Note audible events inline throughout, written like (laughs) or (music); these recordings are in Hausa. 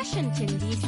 Washington DC.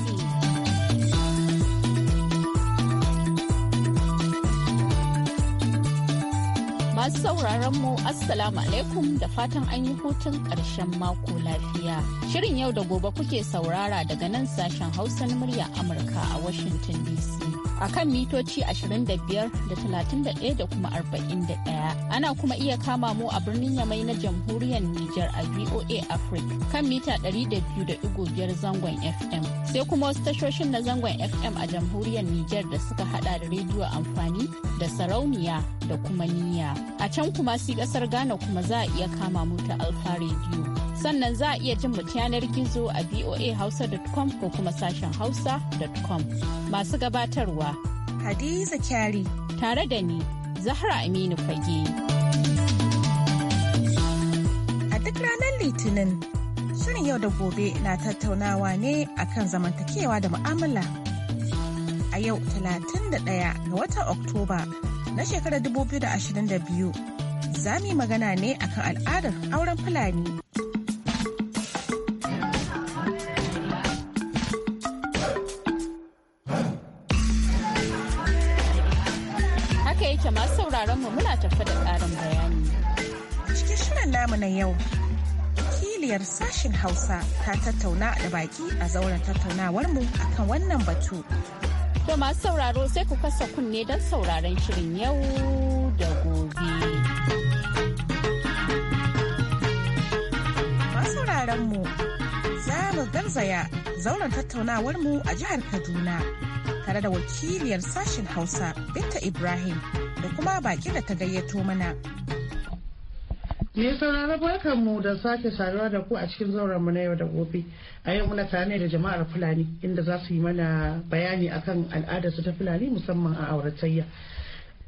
Masu sauraron mu Assalamu alaikum da fatan an yi hutun ƙarshen mako lafiya. Shirin yau da gobe kuke saurara daga nan sashen Hausa na murya Amurka a Washington DC. a kan mitoci 25 da 31 da kuma 41. Ana kuma iya kama mu a birnin Yamai na jamhuriyar Nijar a VOA Africa kan mita 200.5 zangon FM. Sai kuma wasu tashoshin na zangon FM a jamhuriyar Nijar da suka hada da rediyo amfani da sarauniya da kuma niyya. A can kuma si kasar Ghana kuma za a iya kama mu ta Alfa Radio. sannan za a iya jin mu yanar gizo a voahausa.com ko kuma sashen hausa.com masu gabatarwa hadiza kyari tare da ni zahra aminu fage a duk ranar litinin shirin yau da gobe na tattaunawa ne akan zamantakewa da mu'amala a yau 31 ga watan oktoba na shekarar 2022 za mu magana ne akan al'adar auren fulani mu muna tafa da ƙarin bayani. Cikin shirin namu na yau, kiliyar sashin Hausa ta tattauna da baki a zauren tattaunawar mu akan wannan batu. To masu sauraro sai ku kasa kunne don sauraron shirin yau da gobe. mu za mu garzaya zauren tattaunawar mu a jihar Kaduna tare da wakiliyar sashen Hausa Binta Ibrahim da kuma baki da ta gayyato mana. Me saurara barkan mu da sake saduwa da ku a cikin zauren mu na yau da gobe. A yau muna tare ne da jama'ar Fulani inda za su yi mana bayani akan al'adarsu ta Fulani musamman a auratayya.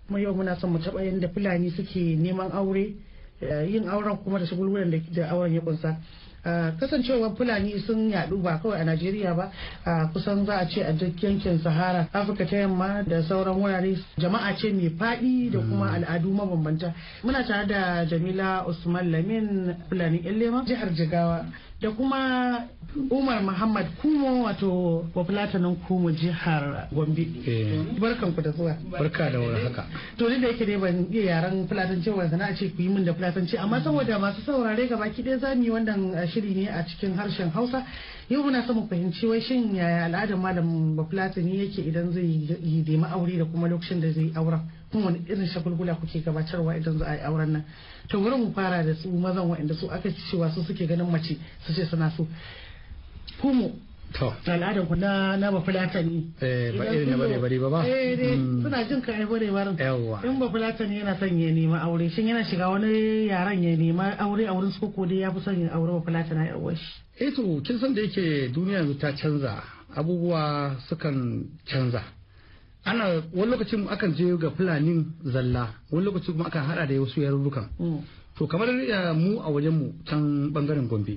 Mu yau muna son mu taɓa yadda Fulani suke neman aure eh, yin auren kuma da shagulgulan da auren ya kunsa. Eh, kasancewar fulani sun yadu ba kawai a najeriya ba a kusan za a ce a duk yankin sahara afirka ta yamma da sauran wurare jama'a ce mai faɗi da kuma hmm. al'adu mabambanta muna tare da jamila usman lamin fulani yan lema jihar jigawa da kuma umar muhammad kumo wato bafulatanin kumo jihar gombe eh. barkan ku da zuwa barka da wani haka to da yake dai ban iya yaren fulatanci wa sana ce ku yi min da fulatanci amma saboda masu saurare ga baki ɗaya zamu yi wannan eh, shiri ne a cikin harshen hausa yau muna son mu fahimci wai shin yaya al'adar malam bafulatani yake idan zai yi dema aure da kuma lokacin da zai yi auren kuma wani irin shagulgula kuke gabatarwa idan za a yi auren nan to wurin mu fara da su mazan waɗanda su aka cewa su suke ganin mace su ce suna so kuma To. Al'adar ku na na ba fulatani. Eh ba irin na bare bare ba ba. Eh, eh, mm. suna jin ka ai bare barin. In ba fulatani yana son ya nema aure shin yana shiga wani yaran ya nema aure a wurin su ko dai ya fi son ya aure ba fulatana ya shi. Eh to kin san da yake duniya yanzu ta canza abubuwa sukan canza. ana wani lokacin akan je ga fulanin zalla wani lokacin kuma akan hada da wasu yarurrukan mm. to kamar mu a wajen mu can bangaren gombe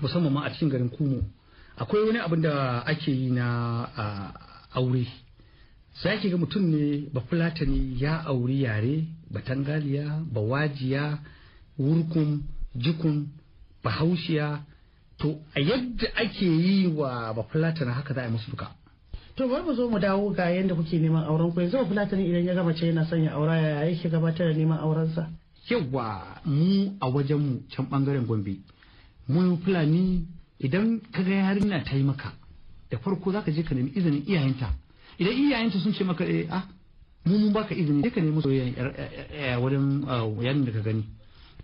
musamman ma a cikin garin kumo akwai wani abin da ake yi na aure sai ake ga mutum ne ba fulatani ya auri yare batangaliya bawajiya wurkun jikun bahaushiya to a yadda ake yi wa ba na haka za a yi musu duka to bari mu zo mu dawo ga yadda kuke neman auren ku yanzu ba idan ya gama ce yana son ya aura ya yake gabatar da neman aurensa yawa mu a wajen mu can bangaren gombe mu fulani idan ka ga yarinya ta yi maka da farko zaka je ka nemi izinin iyayenta idan iyayenta sun ce maka eh ah mu mun baka izini sai ka nemi soyayyen wajen uh, yarin da ka gani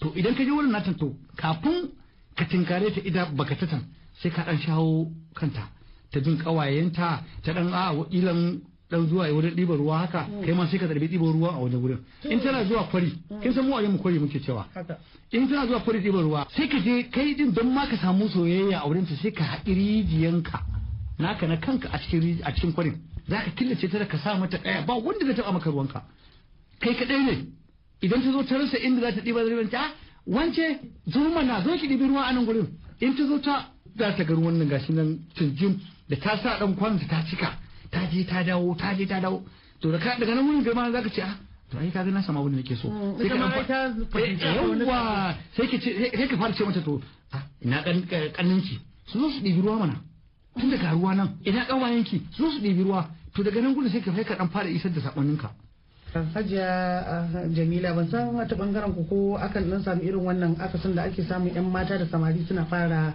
to idan ka je wurin natan to kafin ka tinkare ta ida baka tatan sai ka dan shawo kanta ta bin kawayenta ta dan a ilan dan zuwa wurin ɗibar ruwa haka mm. kai ma sai ka tarbi ɗiba ruwa a wajen wurin mm. in tana zuwa kwari mm. kin san mu a mu kwari muke cewa in tana zuwa kwari ɗibar ruwa sai ka je kai din don ma ka samu soyayya a wurin ta sai ka haƙi rijiyanka naka na kanka a cikin a cikin kwarin za ka killace ta da ka sa mata ɗaya ba wanda zai taɓa maka ruwanka kai kaɗai ne idan ta zo ta rasa inda za ta ɗiba ruwan ta wance zo mana zo ki ɗibi ruwa a nan gurin in ta zo ta za ta ga ruwan nan gashi nan tunjin da ta sa ɗan kwansa ta cika ta je ta dawo ta je ta dawo to da daga nan gama za zaka ce ah, to ai kaga na sama abin da nake so mm, sai ka eh, yawa sai ka ce sai ka fara ce mata to ah, ina kan kanninki su zo su ɗibi ruwa mana tun daga ruwa nan ina ƙawayenki su zo su ɗibi ruwa to daga nan gudu sai ka ka dan fara isar da sakonninka Hajiya ah, Jamila ban san wata bangaren ku ko akan dan samu irin wannan akasin da ake samun yan mata da samari suna fara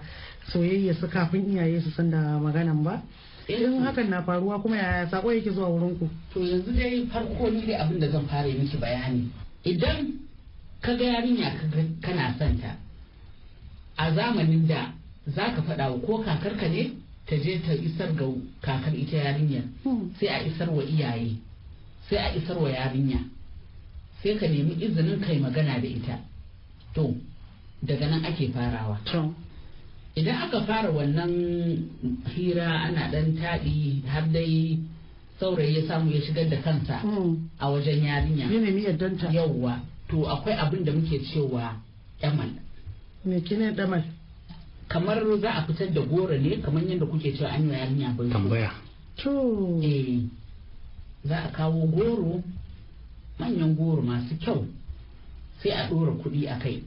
soyayya su kafin iyaye su san da maganan ba eh, in hakan na faruwa kuma yaya sako yake zuwa wurin ku to yanzu dai farko ni dai abin da zan fara miki bayani idan ka ga yarinya kana santa a zamanin da za ka faɗa wa ko kakarka ne ta je ta isar ga kakar ita yarinya hmm. sai a isar wa iyaye sai a isar wa yarinya sai ka nemi izinin kai magana da ita to daga nan ake farawa idan aka fara wannan hira ana dan taɗi har dai saurayi ya samu ya shigar da kansa hmm. a wajen yarinya ya yawwa to akwai abin da muke cewa damal me kine damal kamar za a fitar da goro ne kamar yadda kuke cewa an yi yarinya bai tambaya to eh za a kawo goro manyan goro masu kyau sai a ɗora kuɗi a kai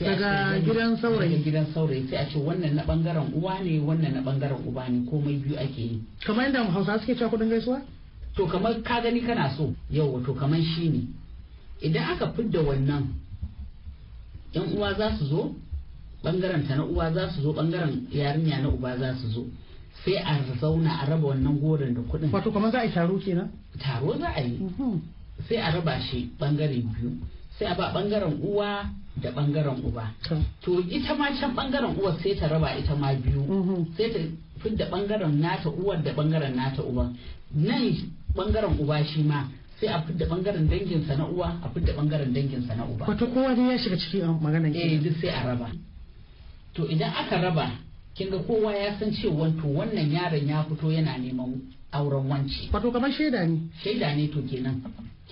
daga gidan saurayi gidan saurayi sai a ce wannan na bangaren uwa ne wannan na bangaren uba ne komai biyu ake yi kamar yadda hausa suke cewa kudin gaisuwa to kamar ka gani kana so yau to kamar shi ne idan aka fidda wannan yan uwa za su zo bangaren ta na uwa za su zo bangaren yarinya na uba za su zo sai a zauna a raba wannan goron da kuɗin wato kamar za a yi taro kenan taro za a yi mhm. sai a raba shi bangare biyu sai a ba bangaren uwa da bangaren uba to ita ma can bangaren uwar sai ta raba ita ma biyu mm-hmm. sai ta da bangaren nata uwar da bangaren nata uban nan bangaren uba shi ma sai a fidda bangaren danginsa na uwa a fidda bangaren danginsa na uba wato kowa dai ya shiga ciki a ki? eh duk sai a raba to idan aka raba kin ga kowa ya san cewa to wannan yaron ya fito yana neman auren wanci wato kamar shaida ne shaida ne to kenan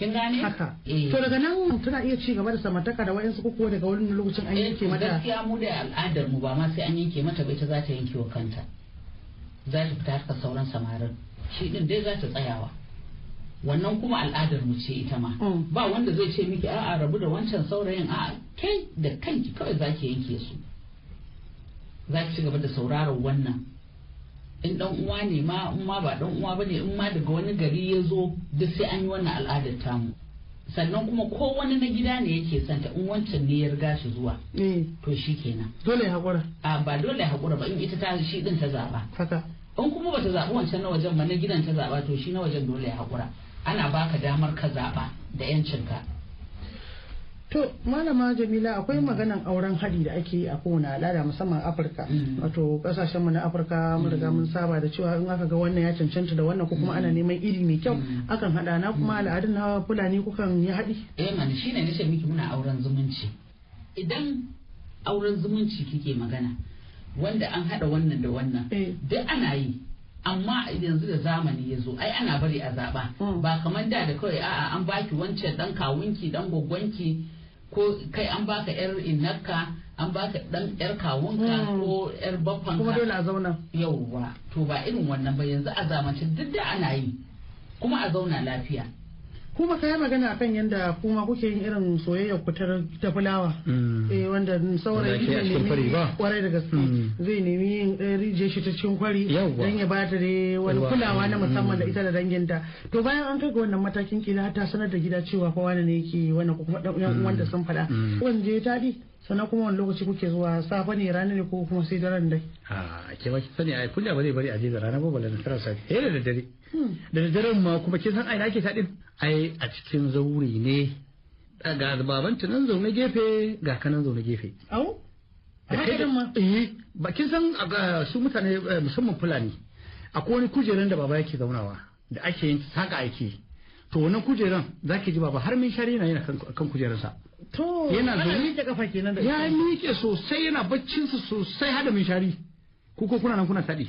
kin gane haka eh. to daga nan tana iya ci gaba da samartaka da wayansu ko daga wani lokacin an yanke mata gaskiya mu da al'adar mu ba ma sai an yanke mata ba ita za ta yanke wa kanta za ta fita haka sauran samarin shi din dai za ta tsayawa wannan kuma al'adar mu ce ita ma mm. ba wanda zai ce miki a'a rabu da wancan saurayin a'a kai da kanki kawai zaki yanke su za ki ci gaba da sauraron wannan in dan uwa ne ma in ma ba dan uwa bane in ma daga wani gari ya zo duk sai an yi wannan al'adar tamu sannan kuma ko wani na gida ne yake santa in wancan ne ya riga shi zuwa eh. to shi kenan dole ya hakura. a ba dole ya hakura ba in ita ta shi din ta zaɓa haka in kuma bata zaba wancan na wajen ba na gidan ta zaba to shi na wajen dole ya hakura ana baka damar ka zaɓa da 'yancinka To malama Jamila akwai mm. maganan auren haɗi da ake yi a kowane al'ada musamman Afirka. Mm. Wato kasashen mu na Afirka mun riga mm. mun saba da cewa in aka ga wannan ya cancanta da wannan ko kuma ana neman iri mai kyau akan haɗa na kuma al'adun na Fulani kukan yi haɗi. Eh man ne nace miki muna auren zumunci. Idan auren zumunci kike magana wanda an haɗa wannan da wannan eh. duk ana yi amma yanzu da zamani ya zo ai ana bari a zaɓa ba kamar da da kawai a'a an baki wancan dan kawunki dan gwaggwanki ko kai an baka yar innarka an baka dan yar kawunka hmm. ko yar babban kuma dole a zauna yauwa to ba irin wannan ba yanzu a zamanci duk da ana yi kuma a zauna lafiya kuma ka yi magana kan yadda kuma kuke yin irin soyayya kutar ta fulawa mm. eh wanda saurayi nemi kwarai da gaske mm. zai nemi yin eh, rije shi ta cikin kwari dan ya bata da wani kulawa na musamman da mm. ita da danginta to bayan an kai ga wannan matakin kila ta sanar da gida cewa kowa ne yake wannan kuma dan uwan sun fada wanda je tadi sannan kuma wani lokaci kuke zuwa safe ne rana ne ko kuma sai daren dai a ke ba ki sani ai kunya ba zai bari a je da rana ba balle na safe eh da daddare hmm. da daddaren ma kuma kin san ai ake taɗin ai a cikin zauri ne ga babanta nan zaune gefe ga kanan zaune gefe au eh, ba kin san su mutane eh, musamman fulani akwai wani kujeran da baba yake zaunawa da ake yin saka aiki. to wannan kujeran zaki ji baba har min shari na yana kan sa. to yana zaune da kafa kenan da ya miƙe sosai yana baccin su sosai hada min shari ku ko kuna nan kuna tadi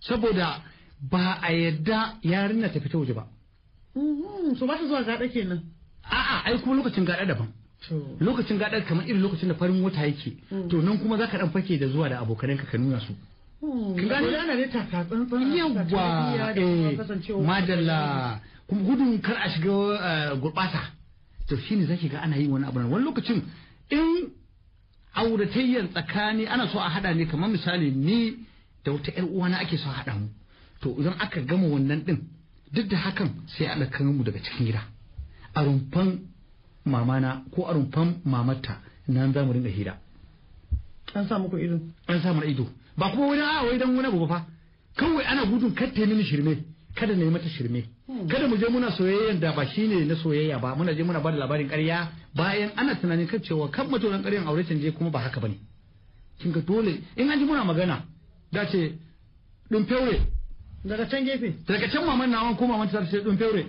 saboda ba a yadda yarinya ta fita waje ba mhm, so ba ta zuwa gaɗa kenan a'a ai kuma lokacin gaɗa daban lokacin gaɗa kamar irin lokacin da farin wata yake mm. to nan kuma zaka dan fake da zuwa da abokanan ka ka nuna su mm. kin gani ana ne taka tsantsan yawa eh, madalla kuma gudun kar a shiga eh, gurbata to ne zaki ga ana yin wani abu wani lokacin in auratayyar tsakani ana so a hada ne kamar misali ni da wata yar uwana ake so a hada mu to idan aka gama wannan din duk da hakan sai a ɗaukan mu daga cikin gida a rumfan mamana ko a rumfan mamarta nan za mu rinka hira an sa muku ido an sa mana ido ba kuma wani a ah, wai dan wani abu ba fa kawai ana gudun kar ta mini shirme kada na yi mata shirme hmm. kada mu je muna soyayyen da ba shine na soyayya ba muna je muna bada labarin ƙarya bayan ana tunanin kan cewa kan mutunan ƙaryan aure can je kuma ba haka bane kin ga dole in an ji muna magana da ce dun feure daga can gefe daga can maman nawan ko maman ta ce dun feure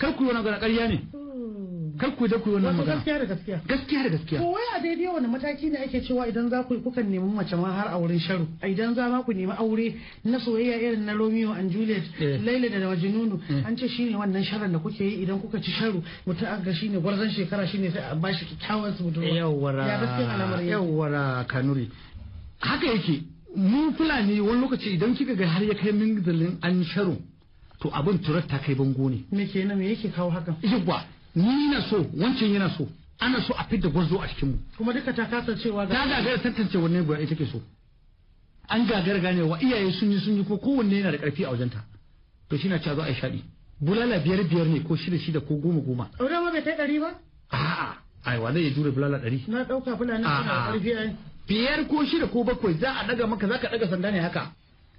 kai kar ku yi wani ƙarya ne hmm. kar ku je ku yi wannan magana gaskiya da gaskiya gaskiya da gaskiya ko wai a daidai wani mataki ne ake cewa idan za ku kukan nemi mace ma har a wurin sharu idan za ma ku nemi aure na soyayya irin na Romeo and Juliet eh. Laila da Majnunu eh. an ce shine wannan sharan da kuke yi idan kuka ci sharu mutum an ga shine gwarzon shekara shine sai a bashi kyakkyawan su budurwa yawwara ya gaskiya al'amari wara kanuri haka yake mu fulani wani lokaci idan kika ga har ya kai min an sharu to abin turar ta kai bango ne me kenan me yake kawo haka yawwa ni na so wancan yana so ana so a fidda gwarzo a cikinmu kuma duka ta kasancewa cewa ta gagara tantance wanne guda ita ke so an gagara ganewa iyaye sun yi sun yi ko kowanne yana da karfi a wajenta to shi na cewa zo a yi shaɗi bulala biyar biyar ne ko shida shida ko goma goma Auren ma bai kai ɗari ba a'a ai wa zai ya jure bulala ɗari na ɗauka fulani Na ƙarfi ai biyar ko shida ko bakwai za a ɗaga maka za ka ɗaga sanda ne haka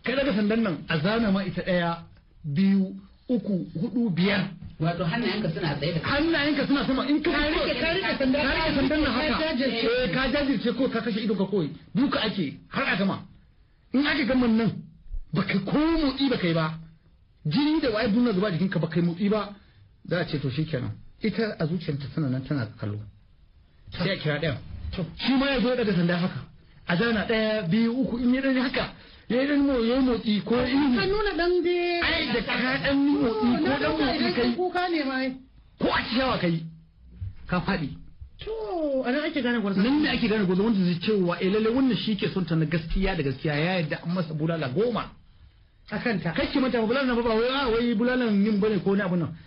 kai ɗaga sandan nan a zana ma ita ɗaya biyu uku hudu biyar wato hannayenka suna tsaye da hannayenka suna sama in ka rike ka rike sandan ka rike sandan na haka eh ka jajirce ko ka kashe ido ka koyi duka ake har a gama in aka gama nan baka komo motsi baka yi ba jini da wai bunna zuba ka baka yi motsi ba za a ce to shikenan ita a zuciyarta tana nan tana kallo sai a kira ɗaya shi ma ya zo daga sanda haka a jana ɗaya biyu uku in yi haka ya dan mo ya motsi ko in ka nuna dan de ai da ka dan motsi ko dan motsi kai kuka ne mai ko a ciyawa kai ka faɗi to a nan ake gane gwarzo nan ne ake gane gwarzo wanda zai cewa eh lalle wannan shi ke son ta na gaskiya da gaskiya ya yadda an masa bulala goma akan ta kake mata bulalan ba wai a ah, wai bulalan yin bane ko na abun nan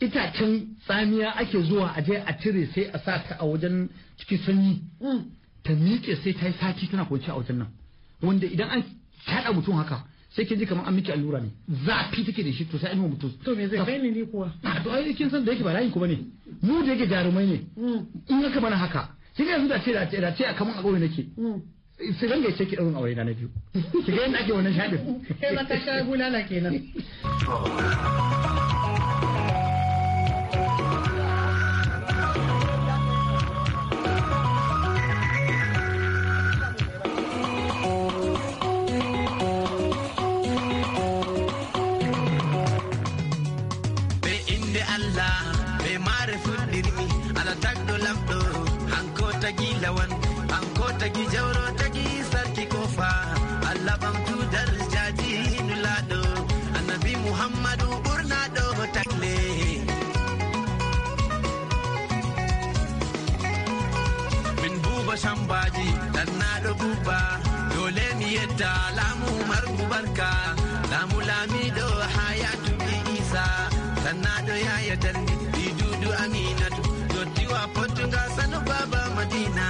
itacen tsamiya ake zuwa a je a cire sai a sa ta a wajen cikin sanyi mm. ta miƙe sai ta yi sati tana kwanci a wajen nan wanda idan an ta mutum haka sai kin ji kamar an miki allura ne zafi take da shi to sai an mutum to me zai kai ne kuwa ah, to ai kin san da yake ba layin ku bane mu da yake jarumai ne mm. in haka bana haka kin yanzu da ce da ce da ce a kaman a gobe nake mm. sai dan ce ki daurin aure na biyu ki ga yanda ake wannan shadin (laughs) ka mata shagulala kenan (laughs) tagi jauro tagi sarki kofa Allah bam tudar nulado annabi Muhammadu urnado takle min buba shambaji dan nado buba dole mi yadda lamu margubarka lamu lamido hayatu isa dan nado ya yadda dudu aminatu dottiwa potunga sanu baba madina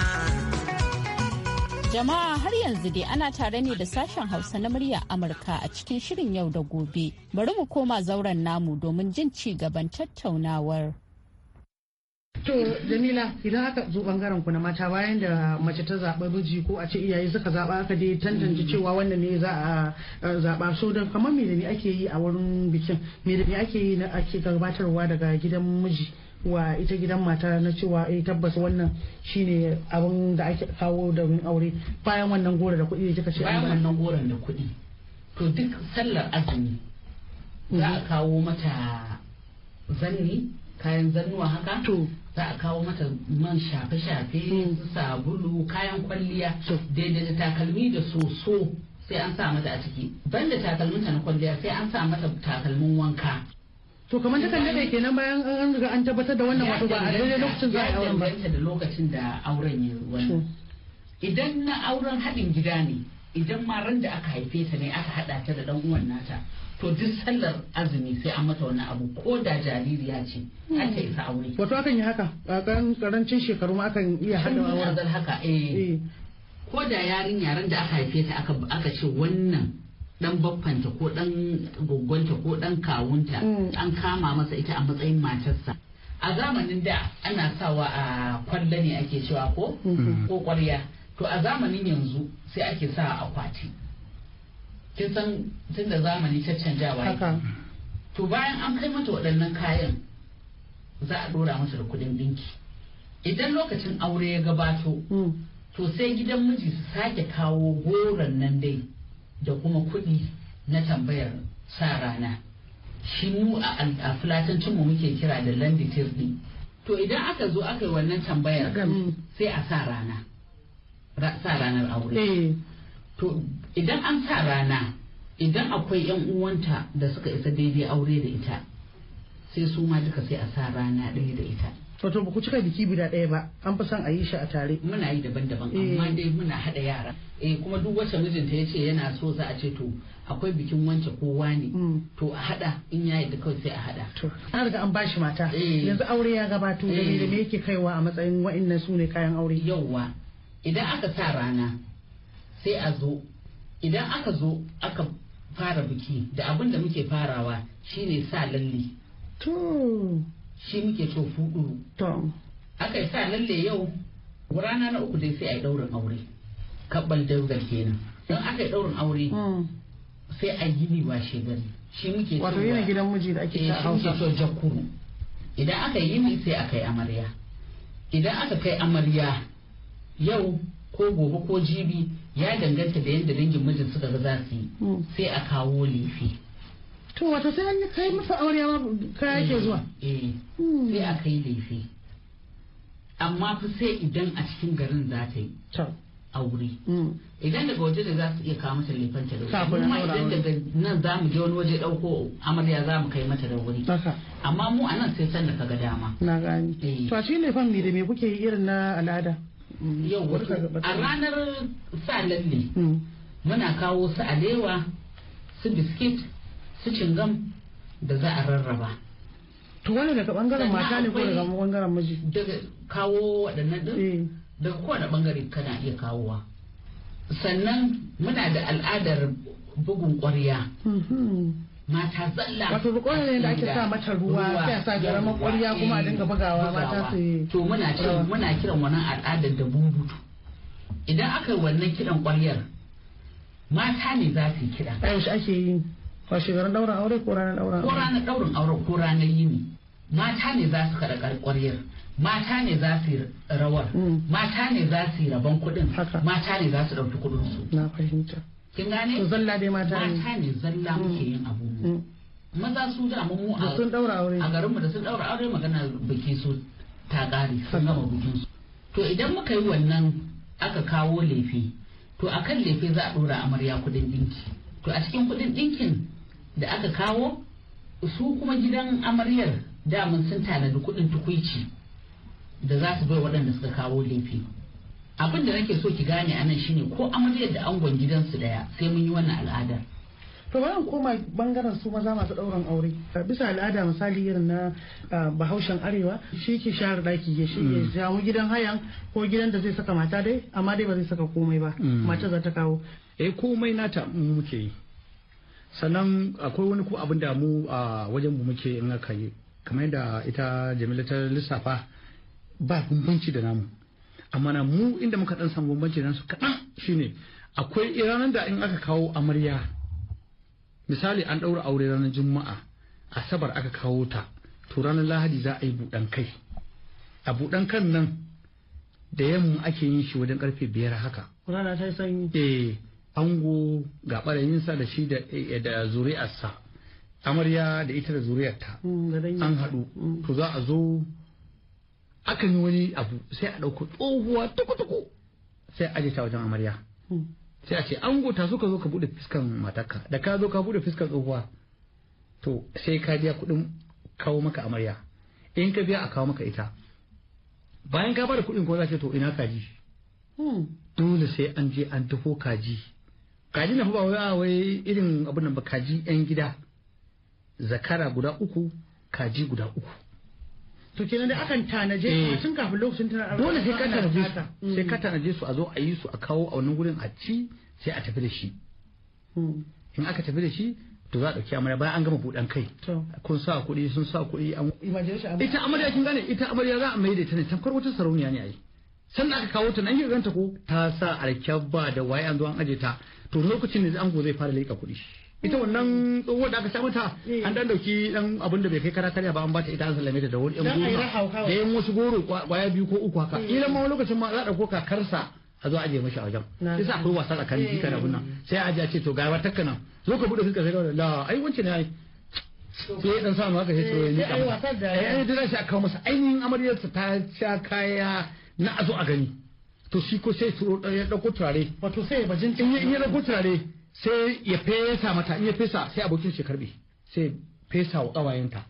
Jama'a har yanzu dai ana tare ne da sashen Hausa na murya Amurka a cikin shirin yau da gobe. Bari mu koma zauren namu domin jin ci gaban tattaunawar. To Jamila idan aka zo bangaren ku na mata bayan da mace ta zaɓa miji ko a ce iyaye suka zaɓa aka dai tantance mm. cewa wannan ne za a zaɓa so don kamar me da ni ake yi a wurin bikin me da ni ake yi na ake gabatarwa daga gidan miji. wa ita gidan mata na cewa eh tabbas wannan shine abin da ake kawo da aure bayan wannan gora da kuɗi kika ce bayan wannan goran da kuɗi to duk sallar azumi za a mm-hmm. kawo mata zanni kayan zannuwa haka to za a kawo mata man shafe-shafe mm. sabulu kayan kwalliya daidai da takalmi da soso sai an sa mata a ciki banda takalminta na kwalliya sai an sa mata takalmin wanka to kamar ta kanda ne kenan bayan an riga an tabbatar da wannan wato ba a daidai lokacin za a yi auren ba ya da lokacin da auren ya wani idan na auren haɗin gida ne idan ma ran da aka haife ta ne aka haɗa ta da ɗan uwan nata to duk sallar azumi sai an mata wani abu ko da jaririya ce hmm. a isa aure wato akan yi haka a karancin shekaru ma akan iya haɗa auren haka eh. eh ko da yarin yaran da aka haife ta aka ce wannan dan baffanta ko dan goggonta ko dan kawunta mm. an kama masa ita a matsayin matarsa a zamanin da ana sawa a kwallo ne ake cewa ko mm-hmm. ko kwarya to a zamanin yanzu sai ake sa akwati kin san tun da zamani caccanjawa to bayan an kai mata waɗannan kayan za a ɗora masa da kuɗin ɗinki idan lokacin aure ya gabato mm. to sai gidan miji su sake kawo goron nan dai da kuma kuɗi na tambayar sa rana shi mu a fulatancin mu muke kira da landitir tirdi to idan aka zo aka yi wannan tambayar sai a sa rana sa ranar aure eh. to idan an sa rana idan akwai yan uwanta da suka isa daidai aure da ita sai su ma duka sai a sa rana ɗaya da ita wato ba ku cika biki guda ɗaya ba an fi son a yi shi a tare muna yi daban-daban amma eh. dai muna haɗa yara eh kuma duk wacce mijinta ya ce yana so za a ce to akwai bikin wance kowa ne mm. to a haɗa in ya da kawai sai a haɗa an riga an bashi mata eh. yanzu aure ya gabato da me eh. yake kaiwa a matsayin wa'annan su ne kayan aure yauwa idan aka sa rana sai a zo idan aka zo aka fara biki da abin da muke farawa shine sa lalle shi muke so fuduru. To. Aka yi sa lalle yau rana na uku dai sai a yi ɗaurin aure. Kabbal daular kenan. Don aka yi ɗaurin aure. Hmm. Sai a yi ni washe gani. Shi muke so. Wato yana gidan miji da ake eh, sa hausa. Shi muke so jakuru. Idan aka yi ni sai aka yi amarya. Idan aka kai amarya yau ko gobe ko jibi ya danganta da yadda dangin mijin suka ga za su yi. Hmm. Sai a kawo lefi. to wata sai an kai masa aure ma ka yake zuwa eh, eh, hmm. sai a kai laifi amma fi sai idan a cikin garin za ta yi aure hmm. idan daga waje da za su iya kawo mata laifin ta da wuri kuma idan daga nan za mu je wani waje dauko amarya za mu kai mata da wuri amma mu a nan sai sanda ka ga dama na gani eh. to a cikin laifin ne da me kuke yi irin na al'ada yau a ranar sa lalle hmm. muna kawo su alewa su biskit su cingam da za a rarraba to wani daga bangaren mata ne ko daga bangaren miji daga kawo waɗannan ɗin? Eh. daga kowane bangare kana iya kawowa sannan muna da al'adar bugun ƙwarya mm-hmm. mata zalla wato bugun ne da ake sa mata ruwa sai a sa garama ƙwarya kuma a dinga bugawa mata su to muna muna kiran wannan al'adar da bumbutu idan aka yi wannan kiran ƙwaryar mata ne za su yi kira. A ake yi? ba shi garin daura aure ko ranar daura ko ranar daurin aure ko ranar yini mata ne za su kaɗa ƙwaryar mata ne za su yi rawar hmm. mata ne za su yi rabon kuɗin mata ne za su ɗauki kuɗin su na fahimta kin gane Su zalla dai mata ne mata ne zalla hmm. muke yin abubuwa hmm. maza su da mu a sun daura aure a garin mu da sun daura aure magana biki su ta ƙare sun gama bikin su to idan muka yi wannan aka kawo lefe to akan lefe za a ɗora amarya kuɗin ɗinki to a cikin kuɗin ɗinkin da aka kawo su kuma gidan amaryar damar sun tanadi kuɗin tukwici da za su bai waɗanda suka kawo laifi abin da nake so ki gane a nan shine ko amaryar da angon gidansu daya sai mun yi wannan al'adar to bayan koma bangaren su maza masu ɗaurin aure bisa al'ada misali irin na bahaushen arewa shi ke shahar daki ya shi ya samu mm. gidan hayan ko gidan da zai saka mata dai amma dai ba zai saka komai ba mm. mata za ta kawo eh komai nata muke yi sannan akwai wani ko abin da mu a wajen mu muke in aka yi kamar yadda ita jamila ta lissafa ba bambanci da namu amma na mu inda muka dan samu bambanci da nasu kaɗan shine akwai ranar da in aka kawo amarya misali an ɗaura aure ranar juma'a asabar aka kawo ta to ranar lahadi za a yi buɗan kai a buɗan kan nan da yamma ake yin shi wajen karfe biyar haka eh ango ga ɓarayinsa da shi eh, da zuri'arsa amarya da ita da zuri'arta mm, an haɗu mm. to za a zo akan yi wani abu sai a ɗauko tsohuwa tuku-tuku sai a ta wajen amarya mm. sai a ce ango ta so ka zo ka buɗe fiskan mataka da ka zo ka buɗe fiskan tsohuwa to sai ka biya kuɗin kawo maka amarya in ka biya a kawo maka ita bayan ka bada kuɗin ko za ce to ina kaji dole sai an je an taho kaji kaji na ba wai wai irin abin nan ba kaji yan gida zakara guda uku kaji guda uku to kenan da akan tanaje eh. tun kafin lokacin tana dole sai ka tanaje su sai ka hmm. tanaje su a zo a yi su a kawo a wannan gurin a ci sai a tafi da shi hmm. in aka tafi da shi to za a ɗauki amarya bayan an gama buɗan kai kun sa kuɗi sun sa kuɗi an ita amarya kin gane ita amarya za a mai da ita ne tamkar wata sarauniya ne a yi sannan aka kawo ta nan yi ganta ko ta sa alkyabba da waye an zo an aje ta to lokacin ne ango zai fara leƙa kuɗi ita wannan tsohuwar da aka sa mata eh. an dan dauki dan abin da bai kai kara karya ba an bata ita an sallame ta da wani yan goma da yan wasu goro kwaya biyu ko uku haka eh. idan ma lokacin ma za a dauko kakarsa a zo aje mashi a wajen sai sa akwai wasa tsakanin kika da bunna eh. sai ji a ce to ga wata nan zo ka bude fuskar sai da la ai wance ne ai sai ya dan sa mu haka sai to ya ai wasa da ai zai sai aka kawo masa ainihin amaryarsa ta sha kaya na zo a gani to shi ko sai ya ɗauko turare wato sai ya bajin in ya ɗauko turare sai ya fesa mata in ya fesa sai abokin shi karbe sai fesa wa ƙawayenta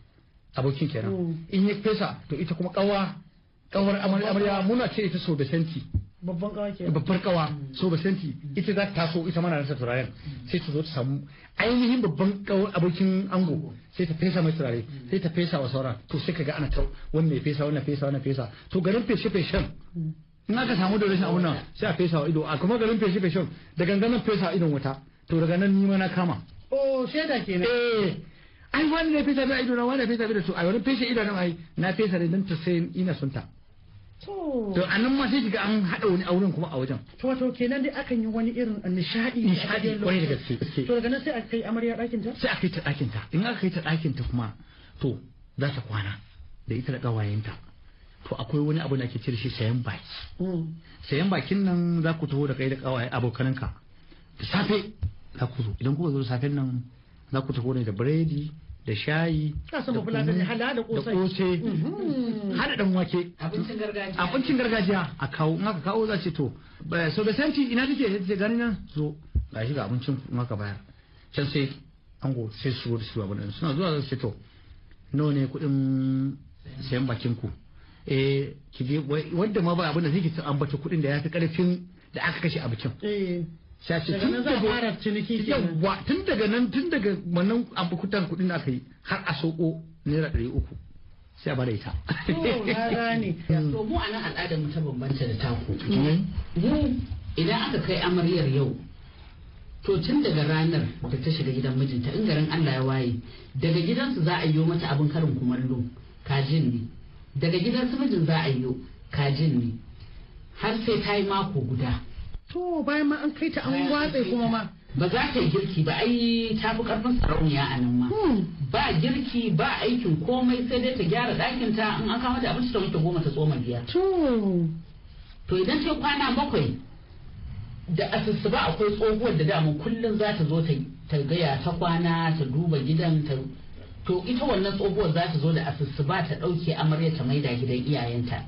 abokin kenan mm. in ya fesa to ita kuma ƙawa ƙawar amarya muna ce ita so da senti babban ƙawa ke babbar ƙawa mm. so da senti ita za ta taso ita mana nasa turaren mm. sai ta zo ta samu ainihin babban ƙawar abokin ango sai ta fesa mai turare sai ta fesa wa sauran to sai ka ga ana ta wannan ya fesa wannan fesa wannan fesa to garin feshe feshen in aka samu da rashin abun nan sai a fesa ido a kuma garin feshi feshin da gangan fesa idon wuta to daga nan nima na kama oh shaida kenan eh ai wani ne fesa da ido na wani fesa da su a wani feshe ido na ai na fesa da ta sai ina sunta To a nan ma sai kiga an haɗa wani auren kuma a wajen. To wato kenan dai akan yi wani irin nishadi. Nishadi wani daga ciki. To daga nan sai a kai amarya dakin ta? Sai a kai ta dakin ta. In aka kai ta dakin ta kuma to za ta kwana da ita da kawayenta. to akwai wani abu da ake cire shi sayan baki mm. sayan bakin nan za ku taho da kai da abokan abokananka da safe za ku zo idan kuka zo da safen nan za ku taho ne da biredi da shayi da kose hada dan wake abincin gargajiya a kawo in aka kawo za ce to so da santi ina take ta gani nan zo ga shi ga abincin in aka bayar can sai ango sai su da su abin suna zuwa za su ce to nawa ne kuɗin sayan bakin ku wadda eh, ki wanda ma ba abin da zai ambata bata kuɗin da ya fi karfin da aka kashe a bikin eh, shashi tun daga yawa tun daga nan tun daga wannan abukutan kuɗin aka yi har a soko naira ɗari uku sai a bada ita. Oh, (laughs) hmm. To mu a nan al'adar mu ta bambanta da taku. Hmm. Mu idan aka kai amaryar yau to tun daga ranar da ta shiga gidan mijinta in garin Allah ya waye daga gidansu za a yi mata abin karin kumallo kajin ne daga gidan su mijin za a yi kajin ne har sai ta yi mako guda to bayan ma an kai ta an watsa kuma ma ba za ta yi girki ba ai ta fi karfin sarauniya a nan ma hmm. ba girki ba aikin komai sai dai ta gyara ɗakin ta in an kama ta abinci ta wuce goma ta tsoma biyar to idan ce kwana bakwai da asusu ba akwai tsohuwar da dama kullum za ta zo ta gaya ta kwana ta duba gidan to ita wannan tsohuwar za ta zo da asusu ba ta ɗauke amarya ta maida gidan iyayenta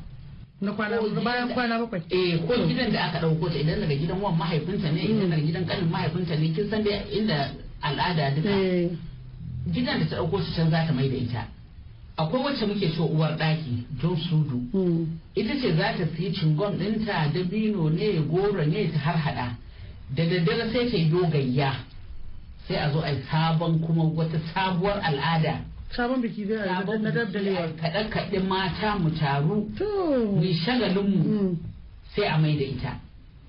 na kwana bayan kwana bakwai eh ko gidan da aka ɗauko ta idan daga gidan wan mahaifinta ne idan daga gidan kanin mahaifinta ne kin san da inda al'ada duka eh. gidan da ta ɗauko ta can za ta maida ita akwai wacce muke so uwar daki don sudu hmm. ita ce za ta siyi cingon dinta dabino ne goro ne ta har hada da daddare sai ta yi dogayya sai a zo a yi sabon kuma wata sabuwar al'ada sabon biki zai a na dabdalewa kaɗan kaɗin mata mu taru mu shagalinmu mm. sai a mai da ita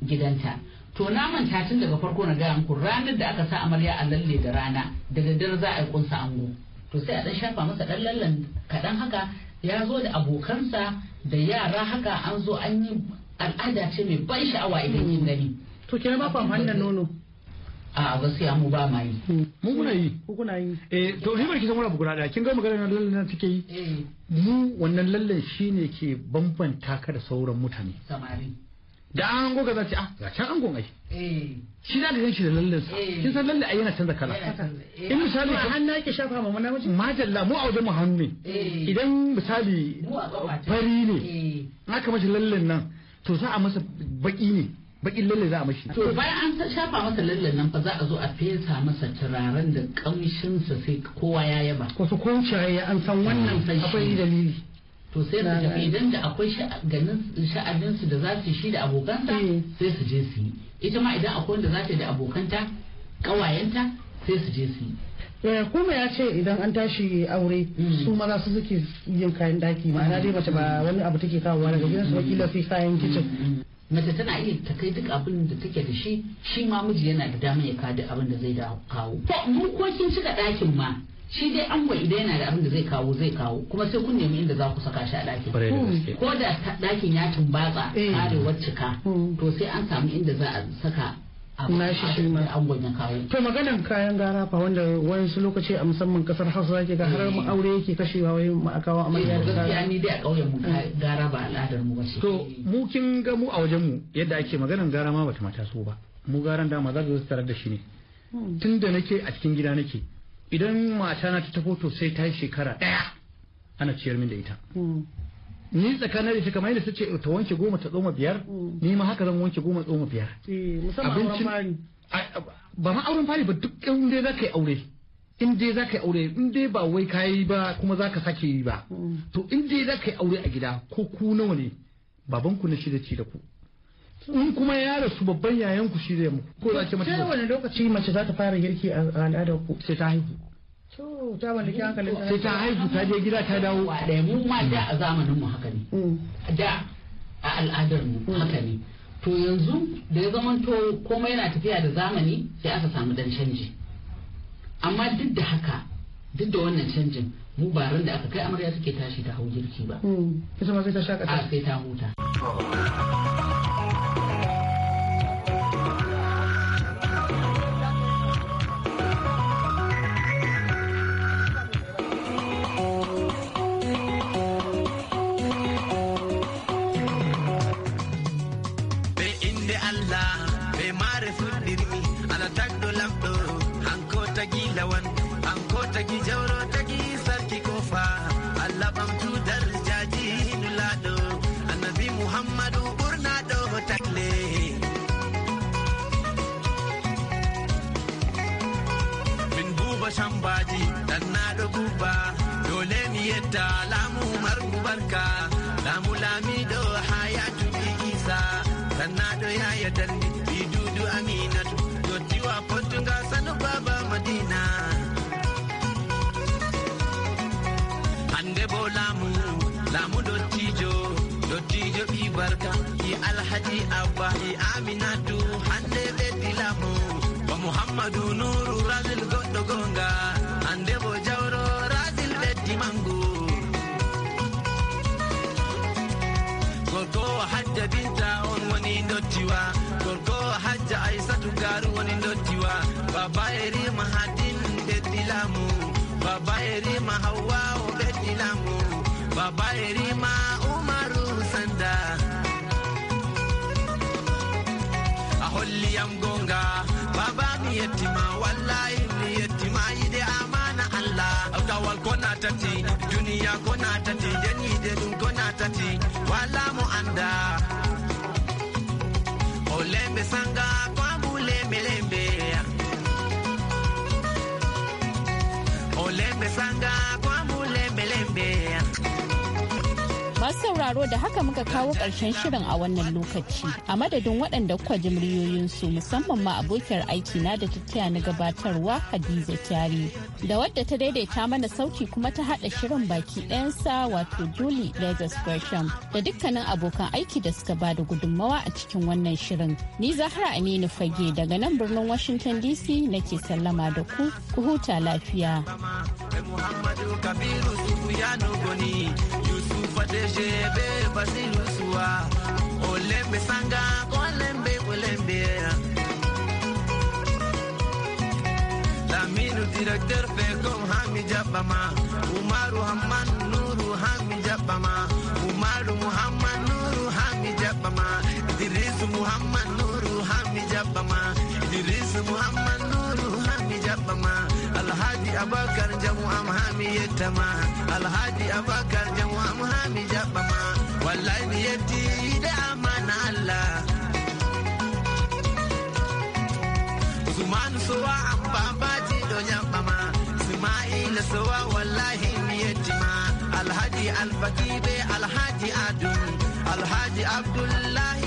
gidanta to na manta tun daga farko na gaya muku ranar da aka sa amarya a lalle da rana da daddare za a yi kunsa ango to sai a ɗan shafa masa ɗan lallan kaɗan haka ya zo da abokansa da yara haka an zo an yi al'ada ce mai ban sha'awa idan yin gani to kina ba ku amfani da nono a gaskiya mu ba ma yi hmm. mu kuna yi ku kuna yi eh to ni barki san wani abu guda da kin ga magana nan lallan take yi eh. mu wannan lallan shine ke bambanta ka da sauran mutane samari da an hango ka zace ah ga can angon ai eh. shi za ka shi da lallan sa eh. kin san lalle ai yana canza kala in misali ka hannu yake shafa ma mana miji majalla mu a wajen mu hannu ne idan misali fari ne aka mashi lallan nan to za a masa baki ne bakin lalle za a mashi. To bayan an shafa masa lallen nan fa za a zo a fesa masa turaren da kamshinsa sai kowa ya yaba. su kun ya an san wannan akwai dalili. To sai su tafi idan da akwai sha'adinsu da za su shi da abokanta eh. sai su je su yi. Ita ma idan akwai wanda za ta da abokanta ƙawayenta sai su je su yi. yaya kuma ya ce idan an tashi aure mm. su maza su suke yin kayan daki ma'ana dai mace ba mm. wani abu take kawowa daga su wakila sai kayan kicin mm, mace tana iya ta kai duk abin da take da shi shi ma miji yana da dama ya kawo abin da zai kawo to mu ko kin shiga ɗakin ma shi dai ango idan yana da abin da zai kawo zai kawo kuma sai kun nemi inda za ku saka shi a ɗakin hmm. ko da ɗakin ya tumbatsa eh. karewar cika hmm. to sai an samu inda za a saka na shi shi ma to maganan kayan gara fa wanda wayansu lokaci a musamman kasar Hausa zaki ga har mu eh. aure yake kashewa wai mu wa amarya da gara ni dai a kauyen eh. gara ba al'adar mu bace to mu kin ga mu a wajen mu yadda ake maganan gara ma bata mata so ba mu garan dama za ka tarar da shi ne hmm. tunda nake a cikin gida nake idan mata na ta tafo to sai ta yi shekara daya ana ciyar min da ita hmm. ni tsakanin da shi kamar yadda ce ta wanke goma ta tsoma biyar mm. ni ma haka zan wanke goma tsoma biyar eh, abincin ba ma auren fari ba duk in za ka yi aure in dai za ka yi aure in dai ba wai ka yi ba kuma za ka sake yi ba mm. to in dai za ka yi aure a gida ko ku nawa ne babanku na shida ci da ku in kuma ya rasu babban yayan ku shi zai mu ko za ce mace wani lokaci mace za ta fara girki a al'adar ku sai ta haihu ta mallaki hankalin ta. Sai ta haihu ta je gida ta dawo a ɗaya mu ma da a zamanin mu haka ne. Mm. Da a al'adar mu mm. haka ne. To yanzu da ya zama to komai yana tafiya da zamani sai aka samu dan canji. Amma duk da haka duk da wannan canjin mu ba ran da aka kai amarya suke tashi ta hau girki ba. Mm. Ita ma sai ta shakata. A sai ta huta. bashan baji dan na da guba dole mi yadda lamu margu barka lamu lami do haya tuki isa dan na do ya yadda ni dudu aminatu yotiwa potunga sanu baba madina ande bo lamu lamu dottijo dottijo ɓi barka i alhaji abba i aminatu hande ɓe dilamu wa muhammadu nuru razil dogonga andebo jawro rasil beddi mango gorko hajja binta on woni dottiwa gorko hajja aisatu garu woni dottiwa baba lamu baba hawa o beddi lamu baba umaru sanda a holliyam gonga baba mi yettima wallahi ya gona ta ti da ni da dun gona ta wala mu anda olembe sanga kwambu lembe lembe olembe sanga Masu sauraro da haka muka kawo ƙarshen shirin a wannan lokaci. A madadin waɗanda kuka ji muryoyinsu musamman ma abokiyar aiki na da tattaya na gabatarwa Hadiza Kyari. Da wadda ta daidaita mana sauti kuma ta haɗa shirin baki ɗayansa wato juli Lagos Gresham da dukkanin abokan aiki da suka ba da gudunmawa a cikin wannan shirin. Ni Zahra Aminu Fage daga nan birnin Washington DC nake sallama da ku, ku huta lafiya. muhammadu kabiru sufiyanu goni yusufa dejebe basilu suwa olembe sanga kolembe kolembe laminu directeur fekom hami jabbama umaru hamman nuru hami jabbama umaru muhammad nuru hami jabbama idrisu muhammad nuru hami jabbama idrisu muhammad nuru hami jabbama abakar jamu am hami ma alhaji abakar jamu am hami ma wallahi mi yetti da amana allah usman sowa ji do ɗo ma ismaila sowa wallahi mi ma alhaji alfaki alhaji adun alhaji abdullahi